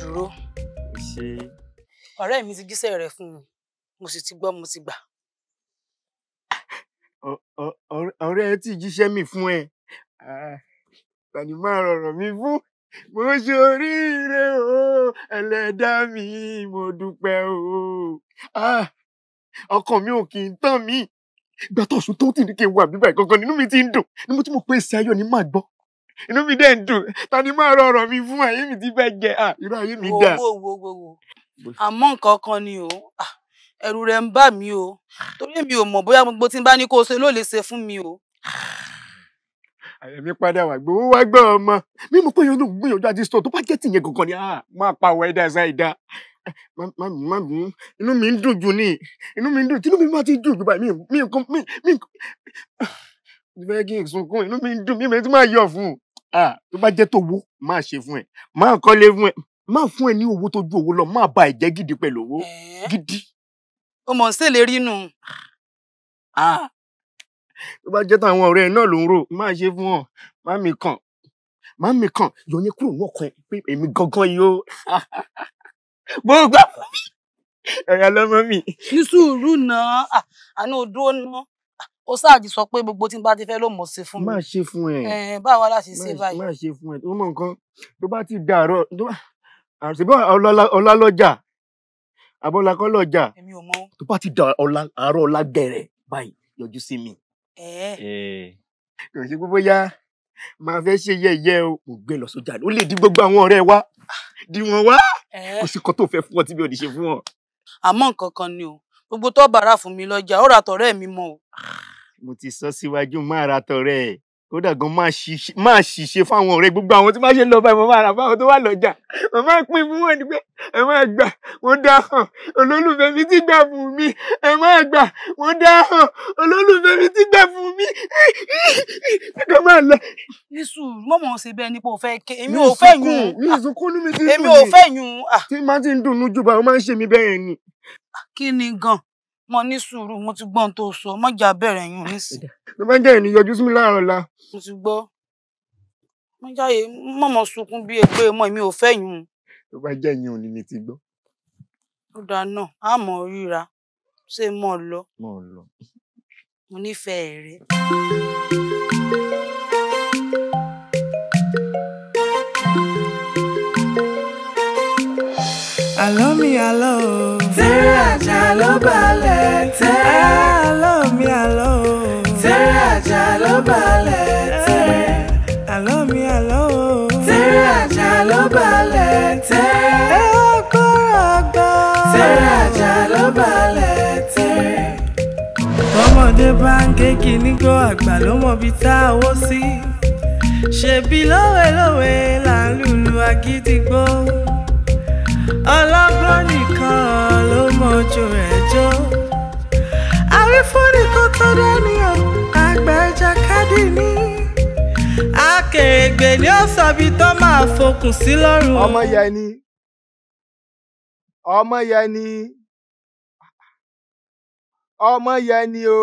dúró. ọ̀rẹ́ mi ti jíṣẹ́ rẹ̀ fún mi mo sì ti gbọ́ mo ti gbà. ọ̀rẹ́ ẹ ti jíṣẹ́ mi fún ẹ ah, tani máa rọ̀rọ̀ mi fún mo ṣoríire o ẹlẹ́dá mi mo dúpẹ́ o ah, ọkàn mi ò kì í tán mi ìgbà sùn tó tì ní kí n wà bíbá ìkankan nínú mi ti ń dùn ni mo ti mọ̀ pé èsì ayọ̀ ni màá gbọ́ inú mi dẹ̀ ń dùn tani máa rọ ọ̀rọ̀ mi fún ayé mi ti fẹ́ jẹ irú ayé mi dà. wo wo wo wo àmọ́ nǹkan kan ni o ẹ̀rù rẹ̀ ń bà mí o torí mi ò mọ̀ bóyá gbogbo tí n bá ní kó o ṣe ló lè ṣe fún mi o. àyẹ̀mí padà wà gbowó wá gbọ́ ọmọ mímú pé yóò gbìyànjú àti sọ tó bá jẹ́ tìyẹn kankan ni máa pa àwọn ẹ̀dá ẹ̀sán ẹ̀dá mami mami inú mi ń dùn jù ní inú mi ń dùn tí inú mi bá ti dùn jù báyìí mi mi mi mo fẹ́ kí n sunkún inú mi ń dùn mí mẹ́tí máa yọ̀ fún un tó bá jẹ́ tòwó máa ṣe fún ẹ máa kọ́lé fún ẹ máa fún ẹ ní owó tó ju owó lọ máa ba ẹ̀jẹ̀ gidi pẹ̀lú owó gidi. o mọ̀ sí ìlérí nù. tó bá jẹ́ táwọn ọ̀rẹ́ náà ló ń rò máa ṣe fún ọ má mi kàn má mi kàn yọ ní kúrò ní ọkàn pé èmi gangan yìí ó bó gbà fún mi ẹ̀yà lọ́mọ mi. ní sùúrù náà àánú dúró náà ó ṣáàjì sọ pé gbogbo tí n bá ti fẹ́ ló mọ̀ ṣe fún mi. má ṣe fún ẹ báwa la ṣe ṣe báyìí. má ṣe fún ẹ tó mọ nǹkan tó bá ti dàárọ̀ àṣìbọ ọlá lọjà abọlá kọ lọjà tó bá ti dà ọlá ọlá gẹrẹ báyìí yọjú sí mi. kò sí pé bóyá máa fẹ́ ṣe yẹ̀yẹ́ o kò gbé lọ sójà ó lè di gbogbo àwọn ọ̀rẹ́ wa di wọn wá kò sí kan tó fẹ́ fún ọ tí mi ò ní ṣe fún ọ. àmọ́ nǹkan kan ni o gbogbo tó bàárà fún mi lọ́jà ó ra tọ̀rẹ́ mi mọ́ o. mo ti sọ síwájú má ra tọ̀rẹ́ ẹ̀ kódà gan máa ṣìṣe fáwọn ọ̀rẹ́ gbogbo àwọn tí máa ṣe lọ báyìí mo máa rà fáwọn tó wà lọ́jà mo máa pín fún wọn ni pé ẹ máa gbà wọ́n dá hàn olólùfẹ́ mi ti gbà fún mi ẹ máa gbà wọ́n dá hàn olólùfẹ́ mi ti gbà fún mi ẹ̀ka máa lọ. nísù mọ́mọ́ ṣe bẹ́ẹ̀ ni pé o fẹ́ ké èmi ò fẹ́ yùn èmi ò fẹ́ yùn. tí máa ti ń dùnnú jù bá wọn máa ń ṣe mí bẹ́ẹ̀ ni. kí ni gan-an mo ní sùúrù mo ti gbọ́n tó sọ mo jà bẹ̀rẹ̀ yùn ah, nísìnyí. ló bá jẹ́ ìníyọjú sí mi láàárọ̀ la. mo ti gbọ́ mo jáde mọ̀ mọ̀ sunkún bí ẹgbẹ́ mọ́ mi ò fẹ́ yùn. ló bá jẹ́ ìyẹn òní ni ti gbọ́. ó dáa náà á mọ̀ ríra ṣé mọ̀ lọ. mọ̀ lọ. mo nífẹ̀ẹ́ rẹ. bá ń gé kíní gbọ́ àgbà ló mọ̀ bí tá a wó sí ṣèbí lówelówe là ń lùlù nìkan ló mọ ojú rẹ̀ àwífúnni kò tó dání o àgbà ẹja kádì ní akèrègbè ni ó sọ bí tó máa fokùn sí lọ́rùn. ọmọ yẹn ni ọmọ yẹn ni ọmọ yẹn ni o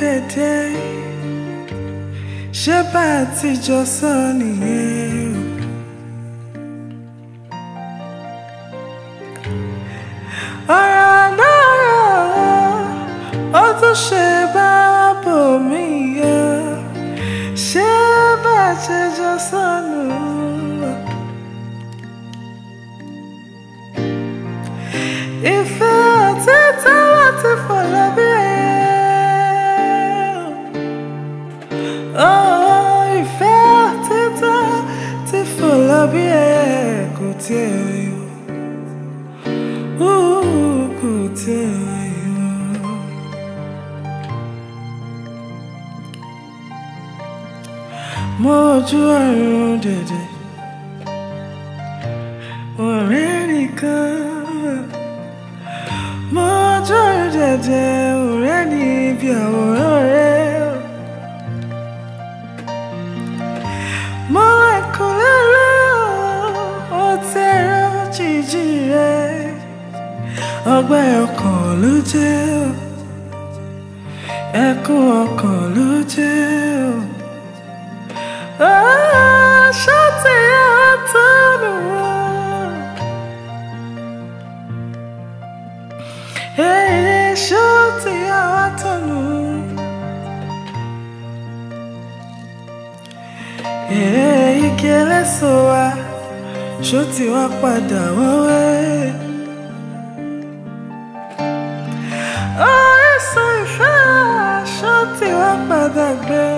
pèdè ṣé bá àtijọ́ sọ nìyẹn. Hey, shoot ya tonu. Hey, kele soa. Shoot ya padà wawe. Oh, it's so fell. Shoot ya padà gbe.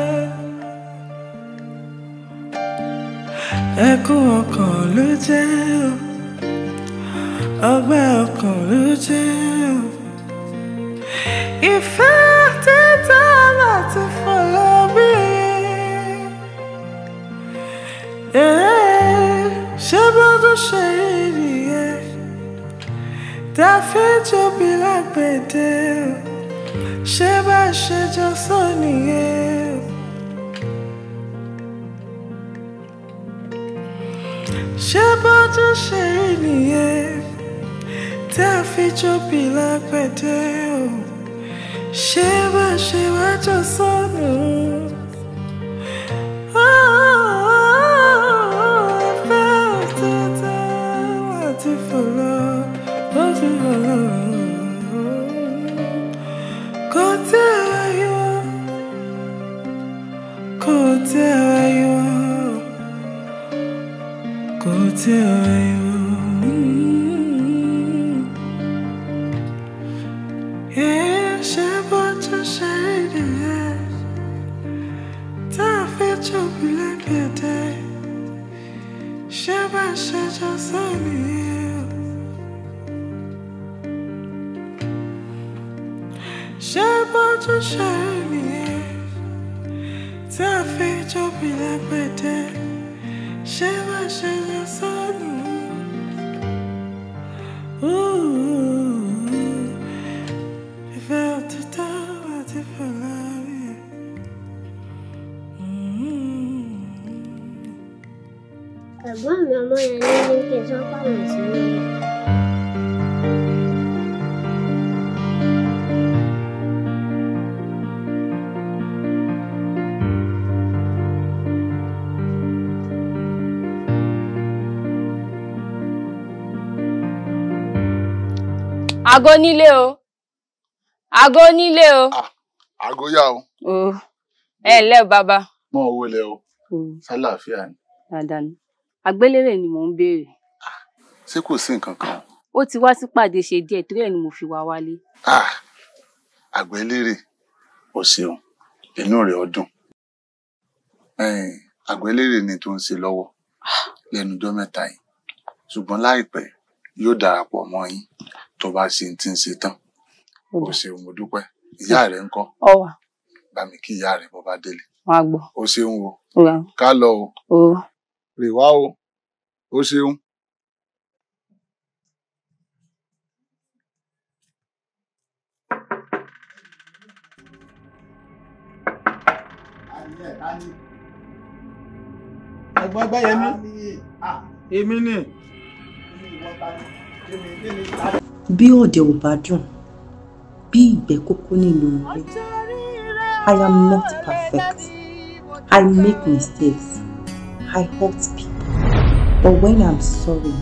Ẹkún ọkàn ló jẹ́ ọgbẹ́ ọkàn ló if I did not to follow me, eh, Shabbat Shady, that be like She better. Shabbat Shadow Sonny, Shabbat Shady, that future be like better. 谁把谁往这送？Ẹ̀gbọ́n mi ọmọ yẹn ní ní kí n sọ fáwọn ìsinmi yẹn. Àgọ́ nílé o. Àgọ́ nílé o. Àgọ́ ah, yá o. Oh, ẹ ǹlẹ́ o bàbá. Mọ̀ owó lẹ o. Ṣé hmm. ni? Dáadáa ni àgbélẹ̀rẹ̀ ni mò ń béèrè. ṣé kò sí nǹkan kan. ó ti wá sípàdé ṣe díẹ̀ torí ẹ̀ ni mo fi wá wálé. àgbélẹ̀rẹ̀ o ṣeun inú rẹ̀ ọdún àgbélẹ̀rẹ̀ ni tó ń ṣe lọ́wọ́ lẹ́nu ọjọ́ mẹ́ta yìí ṣùgbọ́n láìpẹ́ yóò darapọ̀ mọ́ yín tó bá ṣe ti ń ṣe tán o ṣeun mo dúpẹ́ ìyá rẹ ń kọ́ bá kí ìyá rẹ bó bá délé o ṣeun o ká lọ o pè wá o o ṣeun. ẹ̀gbọ́n gbẹyẹmí èmi ni. bí òde ò bá dùn bí ìgbẹ́ kókó nínú rẹ̀ I am not perfect. I make mistakes. I hurt people. But when I'm sorry,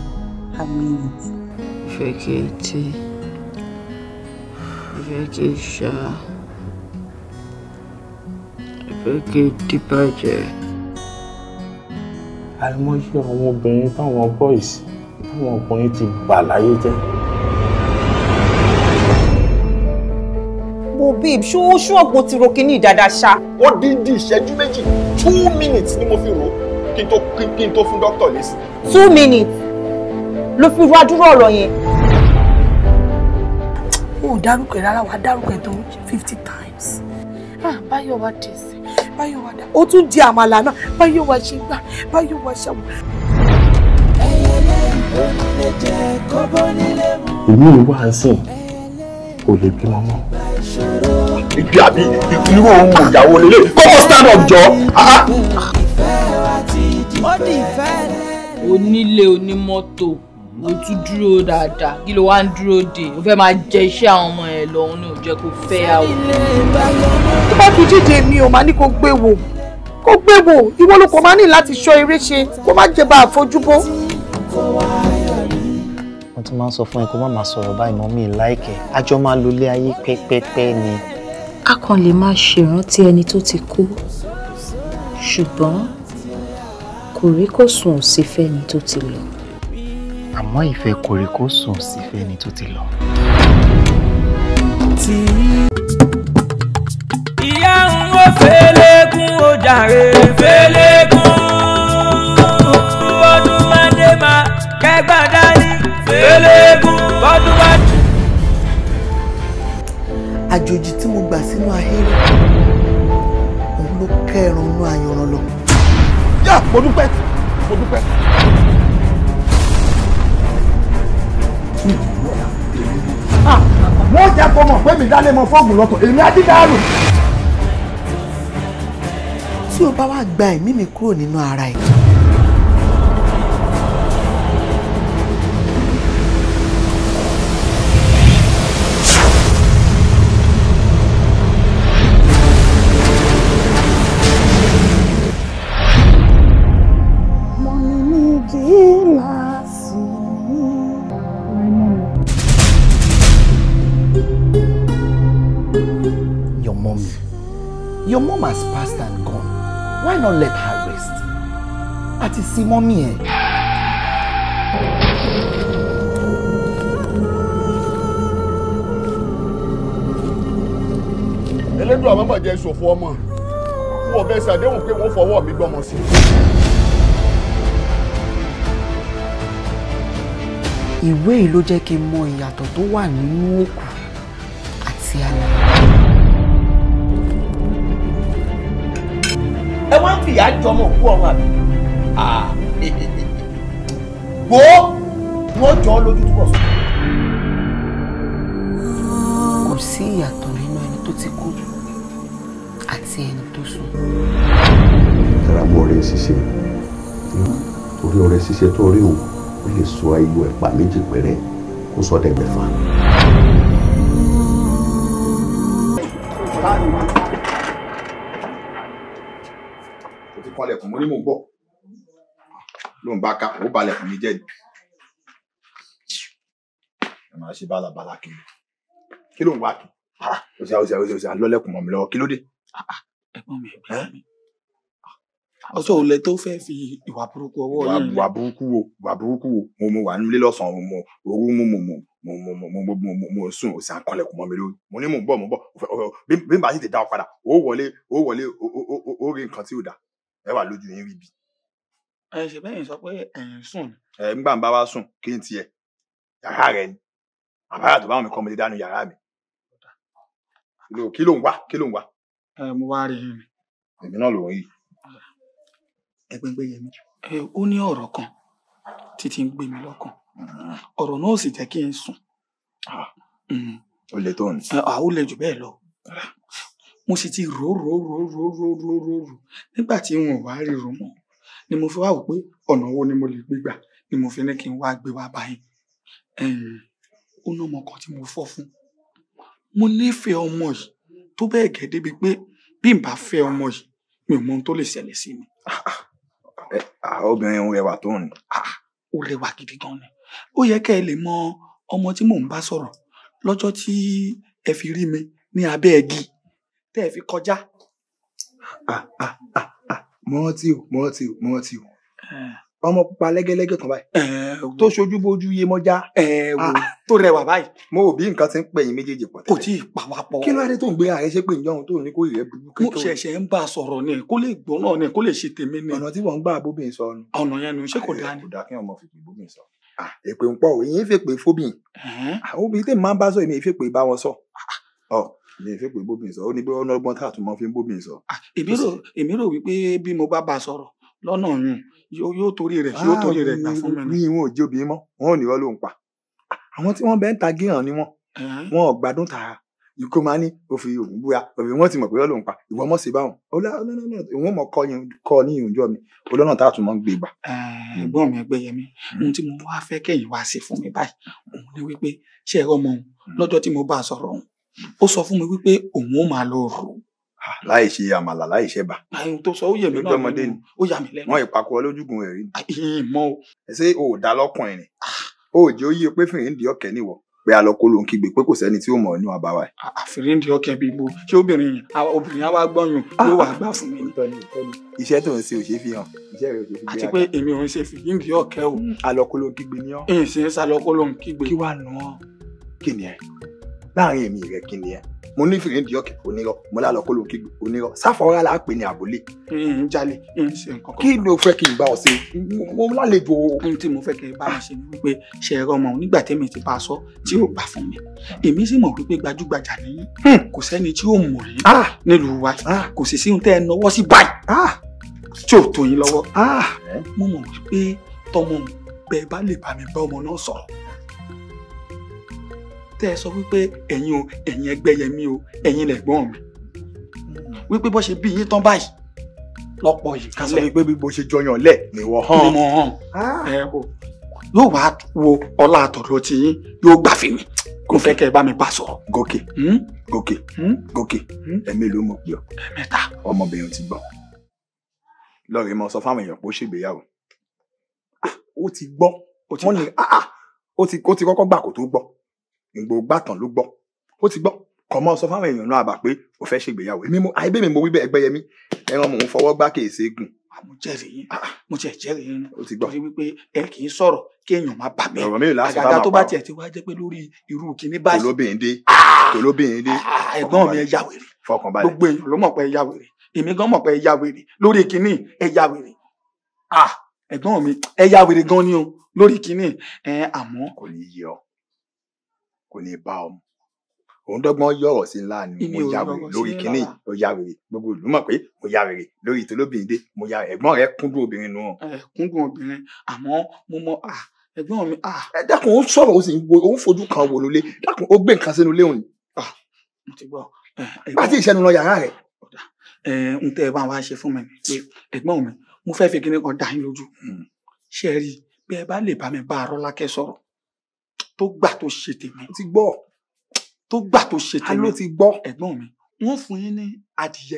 I mean it. Ìfẹ́ kìí tí, ìfẹ́ kìí ṣá, ìfẹ́ kìí dìbàjẹ́. Àìmọye àwọn obìnrin táwọn boys táwọn ọkùnrin ti bà láyé jẹ́. Mo babe, ṣó ṣó ọ̀pọ̀ ti ro kíní ìdáadáa ṣá. Ó dín dín ìṣẹ́jú méjì, two minutes ni mo fi rò kí n tó kí n tó fún dókítà lésì. two minutes ló fi wá dúró ọ̀rọ̀ yẹn. o ò dárúkọ ẹ rárá wàá dárúkọ ẹ tó fifty times. ah báyọ̀ wá dé sí báyọ̀ wá dá o tún di àmàlà náà báyọ̀ wá ṣe gbà báyọ̀ wá ṣàwọ̀. èmi ò wá ń sìn kò lè bímọ mọ́. ìgbà bíi irú òun ìyàwó lélẹ̀ kọ́kọ́ stand up jọ. Ah, ah ó dì fẹ́ rẹ̀. onílé onímọ́tò ó tún dúró dáadáa kí ló wá ń dúró dè ó fẹ́ máa jẹ iṣẹ́ àwọn ọmọ ẹ̀ lọ́hún ni ò jẹ́ kó fẹ́ àwọn. tó bá fi jíjẹ mi ò máa ní kó gbé wò kó gbé wò ìwọ ló kọ máa ní láti ṣọ́ eré ṣe kó má jẹba àfojúbó. wọ́n ti máa ń sọ fún ẹ kó má máa sọ̀rọ̀ báyìí mọ́ mi láìkẹ́ àjọ máa lo ilé ayé pẹ́pẹ́pẹ́ ni. a kàn lè máa ṣèrántí ẹni tó ti kú ṣùgbọ́n kòríkòsùn ò sí fẹ́ni tó ti lọ. àmọ́ ìfẹ́ kòríkòsùn ò sí fẹ́ni tó ti lọ. ìyá ń wo fẹ́lẹ́kùn ó jàre fẹ́lẹ́kùn ọdún máa dé máa kẹgbàá dání fẹ́lẹ́kùn ọdún máa àjòjì tí mo gbà sínú ahéré òun ló kẹrùn inú ayanran lọ ah mo dúpẹ́ mo dúpẹ́. Ah, wọ́n jẹ́ kó mọ̀ pé mi dálé mọ fọ́ọ̀gù lọ́tọ̀ èmi adídàrú. tí o bá wá gba ẹ̀mí mi kúrò nínú ara ẹ̀. láti sí mọ́mì ẹ̀. elédùn àwọn bàjẹ́ ìṣòfò ọmọ wọn bẹ ṣàdéhùn pé wọ́n fọwọ́ mi gbọ́mọ sí i. ìwé yìí ló jẹ́ kí n mọ ìyàtọ̀ tó wà nínú òkú àti àlá. ẹ wá ń fìyà jọmọ òkú ọrùn àbí. Ah. wo wọn jọ lójú túbọ̀ sọ. kò sí ìyàtọ̀ nínú ẹni tó ti kú àti ẹni tó sùn. tara mọ ọ̀rẹ́ ṣíṣe orí ọ̀rẹ́ ṣíṣe tó rí o ó lè sọ ayò ẹ̀pà méjì péré kó sọ dẹgbẹ̀fà. kọ́lẹ̀kùn mo ní mò ń lóun bá ká ó balẹ̀ fún mi jẹ́ ni ẹ máa ṣe bálabàla kiri kí ló ń wá kí ọ̀sẹ̀ ọ̀sẹ̀ ọ̀sẹ̀ ọ̀sẹ̀ alọ́lẹ̀kùn mọ̀ mi lọ́wọ́ kí ló dé. ẹ̀gbọ́n mi ẹ̀gbọ́n mi ọ̀sọ̀ òlẹ̀ tó fẹ́ fi ìwà burúkú ọwọ́ yẹn. ìwà burúkú wo ìwà burúkú wo mo mo wà nílé lọ́sàn-án mo orú mo mo mo mo mo mo mo mo mo mo sùn òsì àkọlẹ̀kùn mọ́ mi lórí mo ní mò ń bọ̀ mò ń bọ̀ bí n bá sì ti dá ọ padà ó wọlé ó wọlé ó rí nǹkan tí ò dá ẹ wà lójú yín rí bíi ẹ ṣe bẹ́yìn sọ pé ẹ̀ ń sùn ni. ẹ ń gbà ń bá wa sùn kí n tiẹ̀ yàrá rẹ ni àbáyà tó báwọn mi kọ́ mi lè dánú yàrá mi kí ló ń wá kí ló ń wá. ẹ mo wá rí i. èmi náà ló ń yí. ẹ gbẹgbẹ yẹmi. ẹ ó ní ọ̀rọ̀ kan títí ń gbé mi lọ́kàn hmm. ọ̀rọ̀ náà sì jẹ́ kí n sùn. Hmm. ó le tó ní. ó le jù bẹ́ẹ̀ lọ mo sì ti rò rò rò rò rò rò rò nígbà tí wọn ò wá rí rò mọ́ ni mo fi wá wò pé ọ̀nà wo ni mo lè gbé gbà ni mo fi ní kí n wá gbé wá báyìí ó ní ọmọ kan tí mo fọ́ fún mo nífẹ̀ẹ́ ọmọ yìí tó bẹ́ẹ̀ gẹ́ débi pé bí n bá fẹ́ ọmọ yìí mi ò mọ ohun tó lè ṣẹlẹ̀ sí mi. obìnrin rẹwà tó ń. ó rẹwà gidi gan ni ó yẹ kẹ́ ẹ lè mọ ọmọ tí mò ń bá sọ̀rọ̀ lọ́jọ́ tí ẹ fi rí mi ní abẹ́ ẹ̀gì tẹ́ ẹ fi kọjá mo rántí o mo rántí o mo rántí o eh. ọmọ pupa lẹ́gẹ́lẹ́gẹ́ kan báyìí eh, tó ṣojú bójú yé mọ́já eh, ah, tó rẹwà báyìí mo ò bí nǹkan ti ń pẹ̀yìn méjèèjì pọ̀ tẹ́lẹ̀ kò tí ì pa wá kí ló dé tó ń gbé ààrẹ ṣe pé ìjọhún tó ní kó ìrẹ́ burú kékeré. mo ṣẹ̀ṣẹ̀ ń bá a sọ̀rọ̀ ni kó lè gbọ́ náà ni kó lè ṣe tèmi ni. ọ̀nà tí wọ́n ń gbà bóbìnrin sọ ni. ọ̀nà yẹn nu ṣé kò dáa ni. kò dáa kí ọmọ fìpè bóbìnrin ní ìfẹ́ pé bóbìn sọ ó ní pé ọlọ́gbọ́n tá a tún mọ́ fi ń bóbìn sọ. Ah, èmi rò èmi rò wípé bí mo bá bá a sọ̀rọ̀ lọ́nà yìí yóò torí rẹ̀ yóò torí rẹ̀ gbà fún mi. ní ìwọ̀n òjò bí mọ́ wọn ò ní wọ́n ló ń pa àwọn tí wọ́n bẹ́ẹ̀ ń ta gíhàn ni wọ́n wọn ò gbádùn tààrà ikú máa ní òfin òun búra òfin wọn ti mọ̀ pé ó lòun pa ìwọ mọ̀ sí báwọn òun mọ̀ kọ́ ní ìrùjọ́ mi olónà tá a tún mọ̀ ń gbé gbà. ẹ̀gbọ́n mi Ẹgbẹ́yẹmí hmm. ohun tí mo wá fẹ́ kẹ́yìn wá sí fún mi báyìí òun ni wípé ṣé ẹ rọmọ òun lọ́jọ́ tí mo bá a sọ̀rọ̀ òun ó sọ fún mi wípé òun ó máa lọ rò ó láì ṣe àmàlà láì ṣe bà. àyùn tó sọ ó yẹ mí náà lọ́mọdé ni ó yà mí lẹ́nu. wọn ìpàkọ́ lójúgun ẹ̀ rí. ìmọ̀ o. ṣé o ò dá lọ́kàn ni. o ò jẹ́ oyè pé fìrìndì ọ̀kẹ́ nìwọ pé alọ́kọ́ ló ń kígbe pé kò sẹ́ni tí ó mọ̀ inú àbáwá ẹ̀. àfìrìndì ọ̀kẹ́ bíi bo ṣé obìnrin yẹn obìnrin àwa gbọ́yùn ló ah. wà gbà fún mi. iṣẹ́ tó ń ṣe ò ṣe fi hàn àti pé èmi ò ń ṣe fìrìndì ọ̀kẹ́ o. alọ́kọ́ ló ń kígbe ní ọ́. ìṣe ń salọ́kọ́ ló ń kígbe. kí wàá nù ọ́ kí ni ẹ láàrin èmi rẹ kí ni ẹ mo ní fìrìndì ọkẹ onírọ́ mo lálọ kó ló kí onírọ́ sáfọwọ́rá là á pè ní àbólé. n jalè n ṣe nǹkan kan. kí ló fẹ́ kí n bá ọ ṣe mo lálejò. ohun tí mo fẹ́ kí n bá ọ ṣe ni wípé ṣe ẹ̀rọ ọmọ nígbà tẹ́mi ti bá a sọ tí yóò gbà fún mi èmi sì mọ̀ wípé gbajúgbajà ni hmm. kò sẹ́ni tí yóò mọ̀ yín ah. nílùú wa ah. kò sì sí ohun tẹ́ ẹ náwó sí báyìí ah. tí ò tó yín lọ́wọ́ mo mọ̀ wípé tọmọ bẹ́ẹ̀ bá lè bá mi bá ọmọ náà sọ̀rọ̀ tẹ́ ẹ sọ wípé ẹ̀yin o ẹ̀yin ẹgbẹ́ yẹn mi o ẹ̀yin lẹ̀gbọ́n mi wípé bó ṣe bí yín tán báyìí lọ́pọ̀ yìí kálẹ̀. ká sọ wípé bí mo ṣe jọyàn lẹ̀ níwọ̀ hàn. níwọ̀ hàn ẹ o yóò wá wo ọlá àtọ̀dọ̀ tí yín yóò gbà fi mi kò fẹ́ kẹ́ ẹ bá mi bá sọ̀rọ̀. gòkè hmm? gòkè hmm? gòkè hmm? ẹ̀mí ló mọ̀ pé ọ. ẹ̀mẹ́ta. ọmọbìnrin ti gbọ́ lọ́ọ̀rẹ́ mọ sọ fáwọn èèyàn pé ó ṣègbéyàwó ah, ó ti gbọ́ wọ́n ní ah, ah, ó ti kọ́kọ́ gbà kó tó gbọ́ gbogbo gbàtàn ló gbọ́ ó ti gbọ́ kọ mọ sọ fáwọn èèyàn náà àbà pé o fẹ́ ṣègbéyàwó èmi mo àìbẹ mi mo wí bẹ́ẹ̀ Ẹgbẹ́yẹmí ẹran mò ń fọwọ́ gbá kì í ṣe é gùn. mo jẹ́rìí yín mo jẹ́ jẹ́rìí yín torí wípé ẹ kì í sọ̀rọ̀ kí èèyàn má bà mí àgàgà tó bá tiẹ̀ ti wá jẹ́ pé lórí irú kìíní báyìí. olóbìnrin dé ah! olóbìnrin dé. Ah, ẹ̀gbọ́n mi ẹ ya wèrè gbogbo èèyàn ló mọ̀ pé ẹ ya wèrè èmi gan mọ̀ pé ẹ ya wèrè lórí kìíní ẹ ya wèrè ah, ẹ̀gbọ́n mi ẹ ya wèrè gan ni o lórí kìíní ẹ àmọ́. kò ní yé ọ kò ní bá ọmọ òun dọ́gbọ́n yọ̀rọ̀ sí ńlá ni mo ya wèrè lórí kínní mo ya wèrè gbogbo ìlú mọ̀ pé mo ya wèrè lórí tolóbìnrin dé mo ya ẹ̀gbọ́n rẹ kúndùn obìnrin nù. ẹ kúndùn obìnrin àmọ́ mo mọ à ẹ̀gbọ́n mi à. ẹ dákun ó sọ̀rọ̀ ó sì ń wo ó ń fojú kan wò lólé dákun ó gbé nǹkan sínú léwu mo ti gbọ́ ẹ̀gbọ́n bá ti ìṣẹ́nu lọ yàrá rẹ̀. ẹ n tẹ ẹ bá wa ṣe fún mi pé ẹ̀gbọ́n mi mo fẹ́ fi kíní kan dá yín lójú hmm. ṣe rí bí ẹ bá lè bá mi bá arọ́lákẹ́ sọ̀rọ̀ tó gbà tó ṣe tèmi. ó ti gbọ́. tó gbà tó ṣe tèmi. a ti gbọ́. ẹ̀gbọ́n mi wọ́n fún yín ní adìyẹ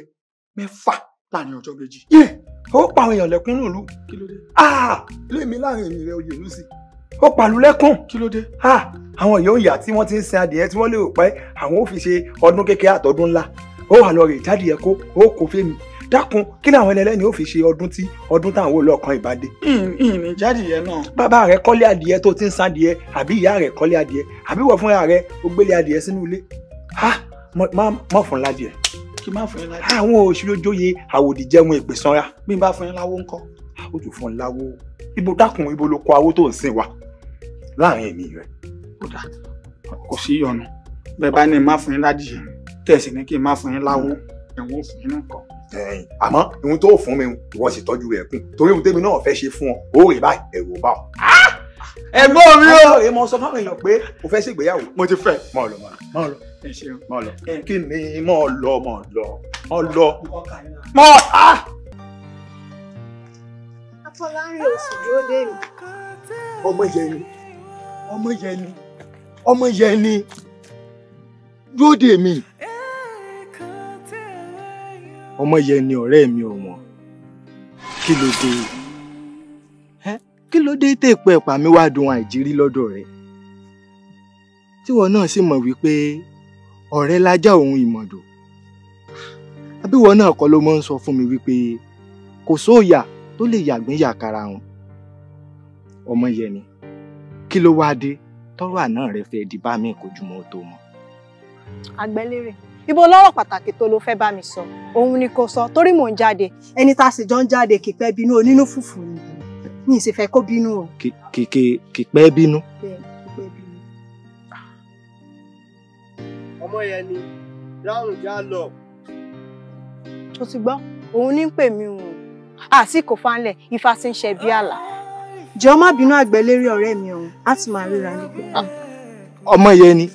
mẹ́fà láàrin ọjọ́ méjì. yé ó pa àwọn èèyàn lẹ́kún nù lù. kí ló dé. Ah, ilé mi láàrin èmi rẹ oyè lùsì. ó pàlù lẹ́kún. kí ló dé. Ah, àwọn èèyàn ìyá tí wọ́n ti ń sin adìyẹ tí wọ́n lè rò pé àwọn ò fi ṣe ọdún kékeré àtọ́dún ńlá ó wà lọ rè jáde ẹ̀kọ́ ó kò fẹ́ mi dákun kí làwọn ẹlẹ́lẹ́ni ó fi ṣe ọdún tí ọdún táwọn olóòkan ìbàdé. ìrìn jáde yẹn náà. bàbá rẹ kọ́lé adìẹ tó ti ń sá adìẹ àbí ìyá rẹ kọ́lé adìẹ àbí wọ́n fúnra rẹ ó gbélé adìẹ sínú ilé. ha mọ̀ fún ládìẹ. kí má fún yín ládìẹ. àwọn òṣìṣẹ́jọ́yè àwòdì jẹun ègbè sanra. bí n bá fún yín láwó ńkọ́. ó tún fún láwó ibo dákun ibo ló kọ awó tó ń sìn wa láàrin èmi rẹ. kò sí ọ̀nà bẹ́ẹ̀ bá ní má fún yín ládìẹ tẹ̀sí ní kí n má fún yín láwó ẹ̀wọ̀n fún yín nǹkan tẹ̀yìn àmọ́ ohun tó fún mi wọ́n sì tọ́jú rẹ̀ kún torí ohun tẹ́mi náà fẹ́ ṣe fún ọ ó rè báyìí ẹ̀rù bá ọ. Ah! ẹ̀gbọ́n mi o. ẹ mọ sọ fáwọn èèyàn pé o fẹ́ ṣègbéyàwó. mo ti fẹ́. mọ lọ mọ lọ ẹ ṣeun mọ lọ kí ni mọ lọ mọ lọ mọ lọ mọ a. Ah! afọlárin oṣù dúró mi. ọmọ yẹni ọmọ yẹni ọmọ yẹni dúró dé mi ọmọ yẹn ni ọ̀rẹ́ mi ò wọ́n kí ló dé kí ló dé tẹ́ ìpẹ́ ẹ̀pà mi wá dùn àìjírí lọ́dọ̀ rẹ̀ tíwọ náà sì mọ̀ wípé ọ̀rẹ́ lájà òun ìmọ̀dò àbíwọ náà kọ́ ló máa ń sọ fún mi wípé kò sóòyà tó lè yàgbín yàkàrà wọn ọmọ yẹn ni kí ló wáá dé tọrọ àná rẹ fẹ́ di bá mi kò jùmọ̀ tó mọ́. àgbẹ̀lérè ibo lọ́rọ̀ pàtàkì tó ló fẹ́ bá mi sọ òun ni kò sọ torí mò ń jáde ẹni tá a sì jọ ń jáde kìpẹ́ bínú onínú fùfù ni mi sì fẹ́ kó bínú o. kìpẹ́ bínú. ọmọ yẹn ni dáhùn já lọ. o ti gbọ́ òun ní pè mí o àsìkò fanlẹ̀ ifá ti ń ṣe bí àlà. jọ̀ọ́ má bínú àgbẹ̀ lérí ọ̀rẹ́ mi ọ̀hún á ti máa ríra nígbà. Ah, ọmọ yẹn ni.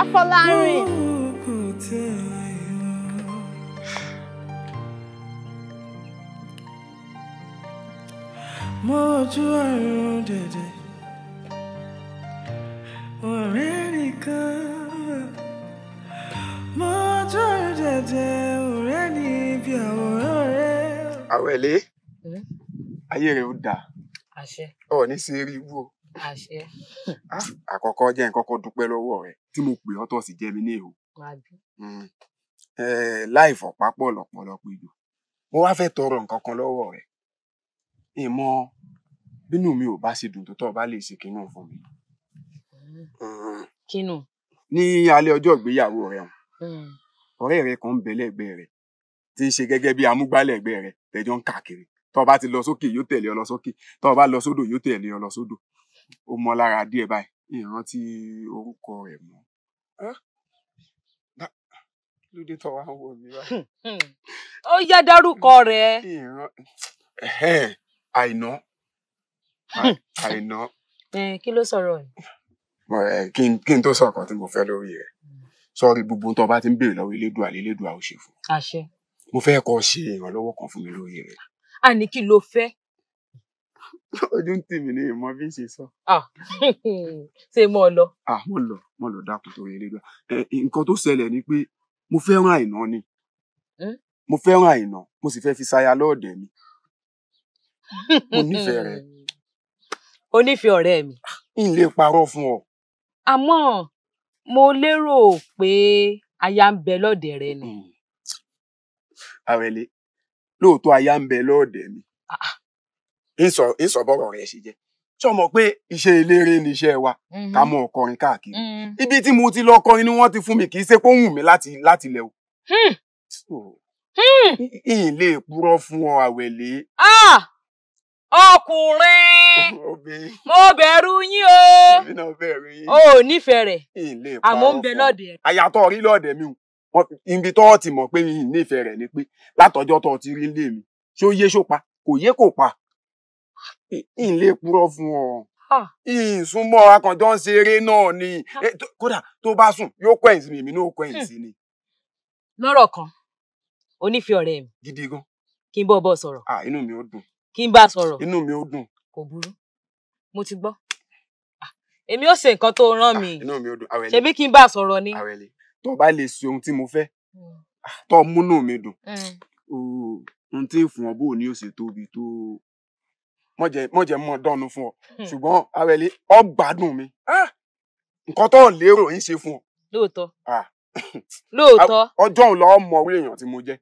Afọlárin. Mo ojú ọ̀run dẹ̀dẹ̀, ọ̀rẹ́ nìkan. Mo ojú ọ̀run dẹ̀dẹ̀, ọ̀rẹ́ ní ibi àwòrán rẹ̀. Àwẹ̀lé, hmm? ayé rẹ̀ ó dáa. Ọ̀ ní ṣe é àṣẹ. àkọ́kọ́ jẹ́ nǹkan kan dúpẹ́ lọ́wọ́ rẹ tí mo pè ọ́ tó sì jẹ́ mi ní èho. Hmm. láì fọ̀pápọ̀ lọ̀pọ̀lọpọ̀ ìlú mo wá fẹ́ tọrọ nǹkan kan lọ́wọ́ rẹ ìmọ̀ bínú mi ò bá ṣe dùn tó tọ́ ọ bá lè ṣe kínú fún mi. Hmm. kínú. ní alẹ́ ọjọ́ ìgbéyàwó rẹ hàn hmm. ọ̀rẹ́ rẹ kan ń bẹ lẹ́gbẹ̀ẹ́ rẹ tí ń ṣe gẹ́gẹ́ bí amúgbálẹ́gbẹ̀ẹ́ rẹ tẹ́jọ́ ń káàkiri tọ́ ọ bá ti lọ sókè yóò tẹ̀lé ọ lọ sókè tọ́ lọ sódò yóò tẹ̀lé ọ lọ sódò ó mọ́ lára díẹ̀ báyìí ìrántí orúkọ rẹ̀ mọ́ lóde tó wà ń wò mí báyìí. ó yá dárúkọ rẹ̀. àìná àìná. Eh, kí ló sọ̀rọ̀ yìí. Eh, kí n tó sọ ọkàn tí mo fẹ́ lórí rẹ̀ sọ́ọ́rí gbogbo tó bá ti ń béèrè lọ́wọ́ elédùà lélédùà ò ṣe fún. àṣẹ. mo fẹ́ kó ṣe ìrànlọ́wọ́ kan fún mi lórí rẹ̀. a ní kí ló fẹ́ ojú ń tì mí ní ìmọ̀ bí n ṣe sọ. ṣé mo lọ. mo lọ mo lọ dákun tó rere gbà nǹkan tó ṣẹlẹ̀ ni pé mo fẹ́ràn àìná ni mo fẹ́ràn àìná mo sì fẹ́ fi ṣaya lọ́ọ̀dẹ̀ mi mo nífẹ̀ẹ́ rẹ. o nífẹ̀ẹ́ ọ̀rẹ́ mi. n lè parọ́ fún ọ. àmọ́ mo lérò pé aya ń bẹ lọ́ọ̀dẹ̀ rẹ ni. Hmm. àrẹ̀lẹ̀ lóòótọ́ aya ń bẹ lọ́ọ̀dẹ̀ mi ìsọ̀bọ̀rọ̀ rẹ̀ ṣe jẹ́ ṣọ mọ̀ pé iṣẹ́ eléré ni iṣẹ́ wa mm-hmm. ká mọ ọkọrin káàkiri mm-hmm. ibi tí mo ti lọ kọrin ni wọ́n ti fún mi kì í ṣe pé ó wù mí láti láti lẹ̀ o. ìyìn hmm. hmm. lè purọ́ fún ọ àwẹ̀lé. ọkùnrin mo bẹ̀rù yín o o ò nífẹ̀ẹ́ rẹ̀ àmọ́ ń bẹ lọ́dẹ̀ rẹ̀. àyàtọ̀ rí lọ́dẹ̀ mi o ibi tó ti mọ̀ pé ìyìn nífẹ̀ẹ́ rẹ̀ ni pé látọjọ́ tó ti rí lé mi ṣó yé ṣó pa kò yé kò pa n lè purọ́ fún ọ ìsúnmọ́ akànjọ́ ń ṣeré náà ni kódà tó bá sùn yóò kọ́ ẹ̀yìn sí mi èmi náà kọ́ ẹ̀yìn hmm. sí ni. lọ́rọ̀ kan onífẹ́ ọ̀rẹ́ mi. gidi gan. kí n bọ́ bọ́ sọ̀rọ̀. ah inú mi ò dùn. kí n bá sọ̀rọ̀. inú mi ò dùn. kò burú mo ti gbọ́. èmi ò ṣe nǹkan tó rán mi. inú mi ò dùn awẹ́lẹ́. ṣebí kí n bá sọ̀rọ̀ ni. awẹ́lẹ́ tó bá lè ṣe ohun tí mo fẹ́ hmm. tó múnú mi dùn hmm. ohun tí ń fún ọ bò ní ó tóbi tó mọ̀jẹ̀ mọ̀jẹ̀ mọ̀ dọ́nu fún ọ hmm. ṣùgbọ́n awẹ́lé ọ gbádùn mi ah! nǹkan tó lérò yín ṣe fún ọ. lóòótọ́ ah! lóòótọ́ ọjọ́ òun lọ́ọ́ mọ orí èèyàn tí mo jẹ́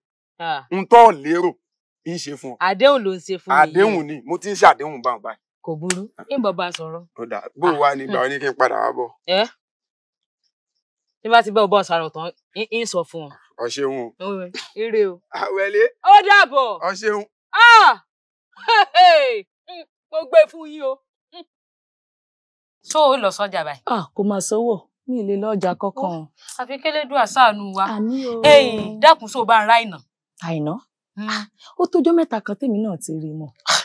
ah. n tó lérò yín ṣe fún ọ. àdéhùn ló ń ṣe fún mi. àdéhùn ni mo ti ń ṣàdéhùn báwọn báyìí. kò burú ń bọ̀ bá a sọ̀rọ̀. kódà bó wà ní ìgbà oní kí n padà wá bọ̀. ẹ eh? tí bá ti bẹ́ bọ́ sàrọ̀ tán ń sọ fún ọ. ọ ire o. àwẹ̀lé. ó dàbọ̀. ọ ah. mo gbé fún yín o. tó hmm. o lọ sọ́jà báyìí. a kò máa sówó mi lè lọ́jà kankan. Oh, àfi kélédùn àṣàánú wa ẹ̀yìn dákun sóò bá ń ra àìná. àìná hmm. ah, ó tójọ́ mẹ́ta kan tèmi náà ti rí mọ́. Ah,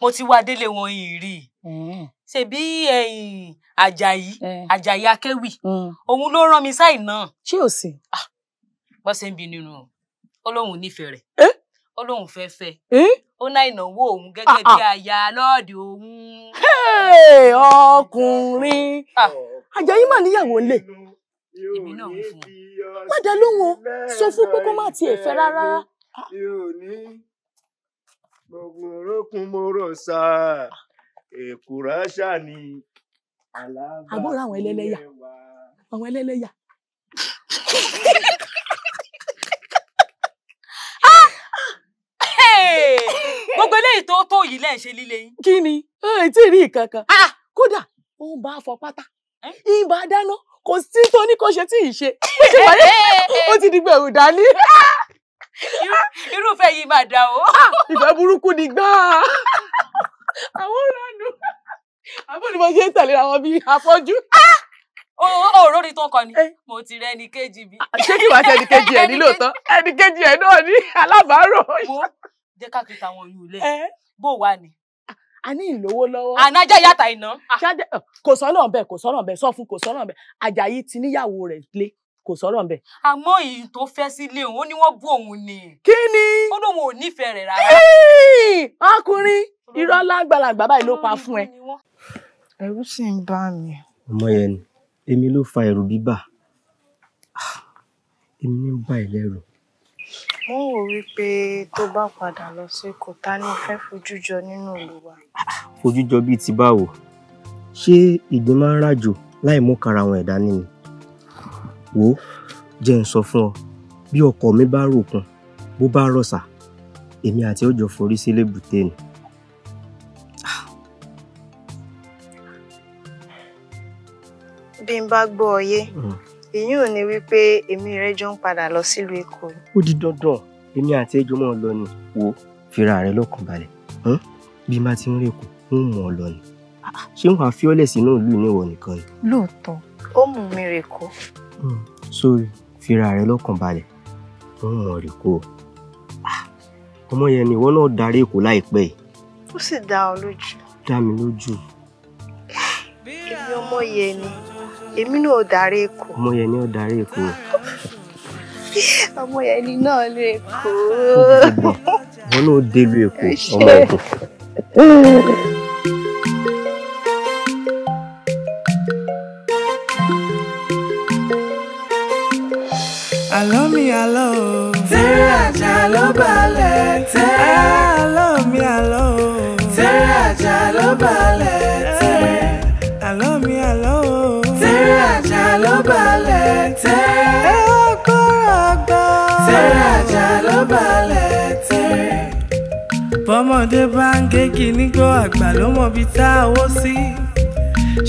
mo ti wá délé wọn yìí rí i ṣèbí eh, àjàyí eh. àjàyí akéwì hmm. òun ló rán mi sáì náà. ṣé o sì. bọ́sẹ̀ ń bi nínú o ó lóun nífẹ̀ẹ́ rẹ̀. Eh? ó lóun fẹ́ fẹ́ ó ná ìnáwó òun ah, gẹ́gẹ́ bí ah. aya lọ́ọ̀dì òun. ọkùnrin ah. Àjàyí mà níyàwó lè èmi náà ń fún un. má dá o sọ fún pé kó má tiẹ̀ fẹ́ rárá. gbogbo orókùn mo rò sá èkúrà ṣá ni àbúrò àwọn ẹlẹ́lẹ́yà àwọn ẹlẹ́lẹ́yà. gbogbo eléyìí tó tó yìí lẹ́ ń ṣe líle yín. kí ni ẹ ti rí nǹkan kan ah, ah! kódà ó ń bá fọ pátá ìbá dáná kò sí tó ní kó ṣe tí ì ṣe ó ti wáyé ó ti di gbẹ̀rù dání. irúfẹ́ yìí máa dà o. Ah! ìfẹ́ burúkú ni gbáà àwọn ìranù àbúrò ni mo ṣe ń tẹ̀lé àwọn bíi afọ́jú òòró ni tó kọ ni mo ti rẹ ẹnì kejì bí. ṣé kí wàá ṣe ẹnì kejì ẹ ní lóòótọ́ ẹnì kejì ẹ náà ní alábàárò jẹ́ ká kí tàwọn oyún ilé bó wà ní. a ní ìlówó lọ́wọ́. ànájẹ́ yàtà iná. Ah. kò sọ́nà bẹ́ẹ̀ kò sọ́nà bẹ́ẹ̀ sọ fún kò sọ́nà bẹ́ẹ̀ Àjàyí ti níyàwó rẹ̀ lé kò sọ̀rọ̀ ń bẹ̀. àmọ́ èyí tó fẹ́ sílé òun ni wọ́n bú òun ni. kí ni. ó lóun ò nífẹ̀ẹ́ rẹ̀ rárá. ọkùnrin irọ́ lágbàlagbà báyìí ló pa fún ẹ. ẹ̀rù sì ń bà mí. ọmọ yẹn ni èmi ló fa ẹ̀rù bíbà ah, èmi ń bà ẹ lẹ́rù wọn ò rí i pé tó bá padà lọ sí kòtá ní fẹ́ fojú jọ nínú ìlú wa. fojú jọ bíi ti báwo ṣé ìgbín máa ń ràjò láì mú kara àwọn ẹ̀dá nínú wò ó jẹ́ ń sọ fún ọ bí ọkọ mi bá ròkun bó bá rọ̀ṣà èmi àti ọjọ́ forí sí lébùté ni. bí n bá gbọ́ ọ yé. Mm ìyún ò ní wípé èmi rẹ jọ ń padà lọ sílùú èkó. ó di dandan èmi àti ẹjọ mọ lọ ni wo fira rẹ lọ́kàn balẹ̀ bí má ti ń rèkù ń mọ ọ lọ ni ṣé wàá fi ọlẹ sínú ìlú ìníwọ nìkan ni. lóòótọ́ ó mú mi rèkó. Hmm, sórí fira rẹ lọ́kàn balẹ̀ ń mọ rèkó ah, ọmọ yẹn ni ìwọ náà darí èkó láìpẹ́ yìí. ó sì dá ọ lójú. dá mi lójú. ibi ọmọ yẹn ni èmi náà ò darí èkó. ọmọ yẹn ni ó darí èkó. ọmọ yẹn ni náà lè kó. wọn náà délu èkó ọmọ èkó. àlọ́ mi àlọ́ tẹ́rẹ́ àjà ló balẹ̀ tẹ́rẹ́. àlọ́ mi àlọ́ tẹ́rẹ́ àjà ló balẹ̀. bọ́mọdé bá ń gé kínígò àgbà ló mọ̀ bí tá a wó sí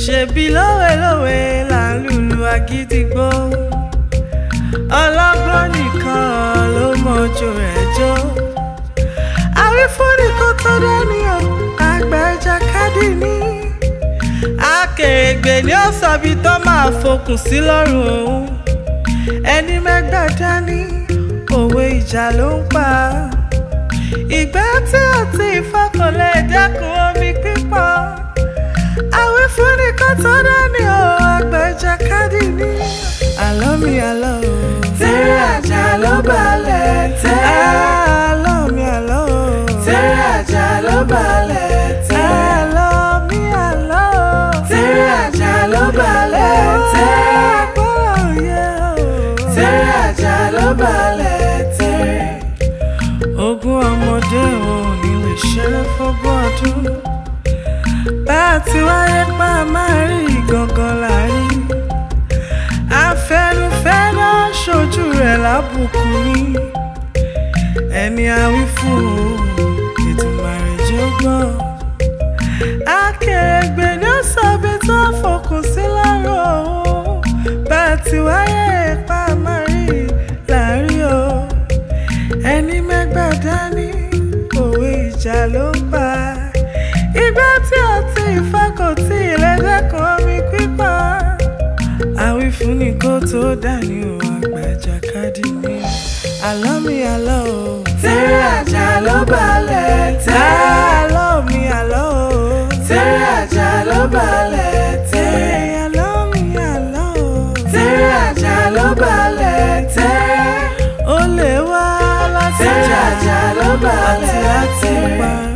ṣebí lówelówe là ń lùlù agídígbò ọlọ́gbọ́n nìkan ló mọ̀jú rẹ̀ jó àwífúnni kó tó dání o àgbà ìjàkadì ní akèrègbè ni ó sọbi tó máa fokùn sí lọ́rùn òun ẹni mẹ́gbàá dání òwe ìjà ló ń pa á ìgbà tí o ti fọkànlẹ̀ dákun. Oya wí fún Ètùmàrè jọ̀gbọ́. Akèrègbè ló sọ̀bi tó fòkùn sí lárọ̀ o. Bá a ti wáyé ipa márì láàrí o. Ẹni mẹ́gbàá dání òwe ìjà ló ń bá. Igbá tí ọtí ìfakọ̀tì ìlẹ́gbẹ́ kan mi pípa. Àwífún ni kó tó dání o àgbàjàkadì ni. Àlọ́ mi àlọ́ o. Àjàló balẹ̀ tẹ́. Àlọ́ mi àlọ́ o. Tẹ́rẹ́ Àjàló balẹ̀ tẹ́. Àlọ́ mi àlọ́ o. Tẹ́rẹ́ Àjàló balẹ̀ tẹ́. Ó lè wá láti jà. Tẹ́rẹ́ balẹ̀ tẹ́.